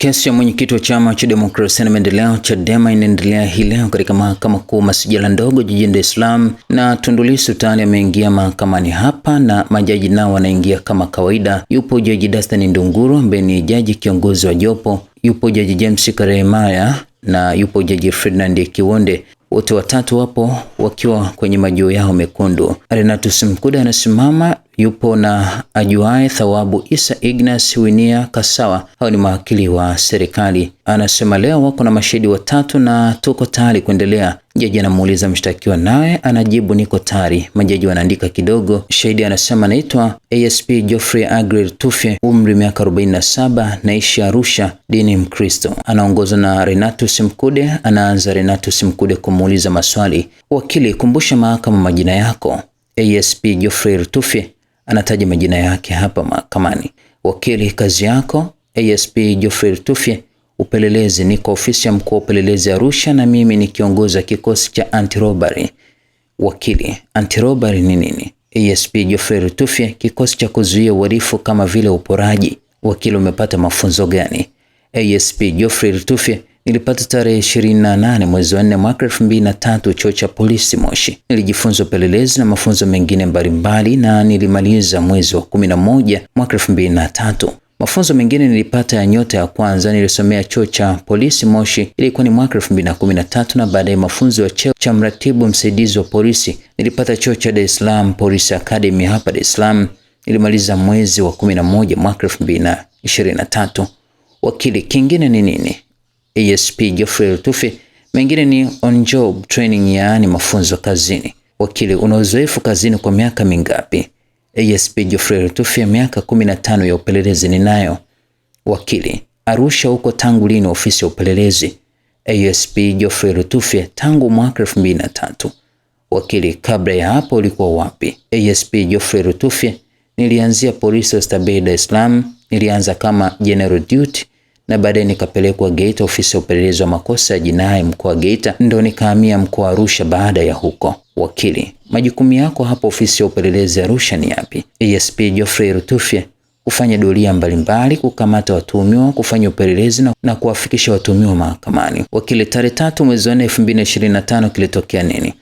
Kesi ya mwenyekiti wa chama cha demokrasia na maendeleo Chadema inaendelea hii leo katika mahakama kuu masijala ndogo jijini Dar es Salaam, na Tundu Lissu tayari ameingia mahakamani hapa na majaji nao wanaingia kama kawaida. Yupo jaji Dastan Ndunguru ambaye ni jaji kiongozi wa jopo, yupo jaji James Karemaya na yupo jaji Ferdinand Kiwonde, wote watatu wapo wakiwa kwenye majuo yao mekundu. Renatus Mkuda anasimama yupo na ajuae thawabu Isa Ignas Winia Kasawa, hao ni mawakili wa serikali. Anasema leo wako na mashahidi watatu na tuko tayari kuendelea. Jaji anamuuliza mshtakiwa, naye anajibu niko tayari. Majaji wanaandika kidogo. Shahidi anasema naitwa ASP Geoffrey Aggrey Tufe, umri miaka 47, naishi Arusha, dini Mkristo. Anaongozwa na Renatus Mkude. Anaanza Renatus Mkude kumuuliza maswali. Wakili, kumbusha mahakama majina yako. ASP Geoffrey Tufe anataja majina yake hapa mahakamani. Wakili, kazi yako. ASP Geoffrey Tufye, upelelezi. Niko ofisi ya mkuu wa upelelezi Arusha, na mimi ni kiongozi wa kikosi cha robbery. Wakili, robbery ni nini? ASP Geoffrey Tufye, kikosi cha kuzuia uhalifu kama vile uporaji. Wakili, umepata mafunzo gani? ASP Geoffrey Tufye, Nilipata tarehe 28 mwezi wa 4 mwaka tatu chuo cha polisi Moshi. Nilijifunza upelelezi na mafunzo mengine mbalimbali na nilimaliza mwezi wa 11 mwaka tatu. Mafunzo mengine nilipata ya nyota ya kwanza nilisomea chuo cha polisi Moshi, ilikuwa ni mwaka 2013 na baadaye mafunzo ya cheo cha mratibu msaidizi wa polisi nilipata chuo cha Dar es Salaam Police Academy hapa Dar es Salaam. Nilimaliza mwezi wa 11 mwaka tatu. Wakili kingine ni nini? ASP Geoffrey Lutufi, mengine ni on job training, yaani mafunzo kazini. Wakili, una uzoefu kazini kwa miaka mingapi? ASP Geoffrey Lutufi, miaka 15 ya upelelezi ninayo. Wakili, Arusha huko tangu lini ofisi ya upelelezi? ASP Geoffrey Lutufi, tangu mwaka 2003. Wakili, kabla ya hapo ulikuwa wapi? ASP Geoffrey Lutufi, nilianzia polisi ya Dar es Salaam. Nilianza kama general duty na baadaye nikapelekwa Geita, ofisi ya upelelezi wa makosa ya jinai mkoa wa Geita, ndo nikahamia mkoa wa Arusha baada ya huko. Wakili, majukumu yako hapo ofisi ya upelelezi Arusha ni yapi? ASP e Geoffrey Rutufye kufanya doria mbalimbali, kukamata watuhumiwa, kufanya upelelezi na, na kuwafikisha watuhumiwa mahakamani. Wakili, tarehe tatu mwezi wa nne 2025 kilitokea nini?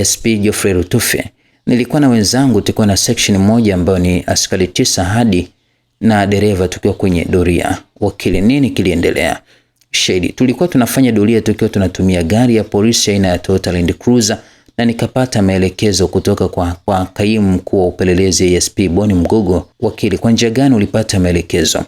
ASP e Geoffrey Rutufye: nilikuwa na wenzangu, tulikuwa na section moja ambayo ni askari tisa hadi na dereva tukiwa kwenye doria. Wakili, nini kiliendelea? Shahidi, tulikuwa tunafanya doria tukiwa tunatumia gari ya polisi aina ya Toyota Land Cruiser na nikapata maelekezo kutoka kwa, kwa kaimu mkuu wa upelelezi ASP Boni Mgogo. Wakili, kwa njia gani ulipata maelekezo?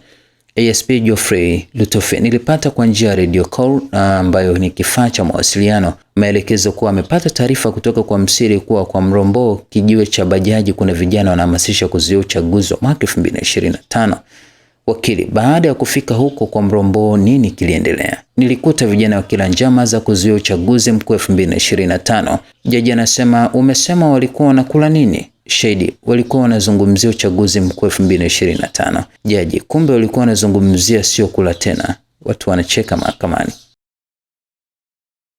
ASP Geoffrey Lutofe nilipata kwa njia ya radio call ambayo ni kifaa cha mawasiliano. Maelekezo kuwa amepata taarifa kutoka kwa msiri kuwa kwa Mrombo kijiwe cha bajaji kuna vijana wanahamasisha kuzuia uchaguzi wa mwaka 2025. Wakili, baada ya kufika huko kwa Mrombo nini kiliendelea? Nilikuta vijana wa kila njama za kuzuia uchaguzi mkuu 2025. Jaji anasema umesema walikuwa wanakula nini? Shedi, walikuwa wanazungumzia uchaguzi mkuu 2025. Jaji, kumbe walikuwa wanazungumzia sio kula tena. Watu wanacheka mahakamani.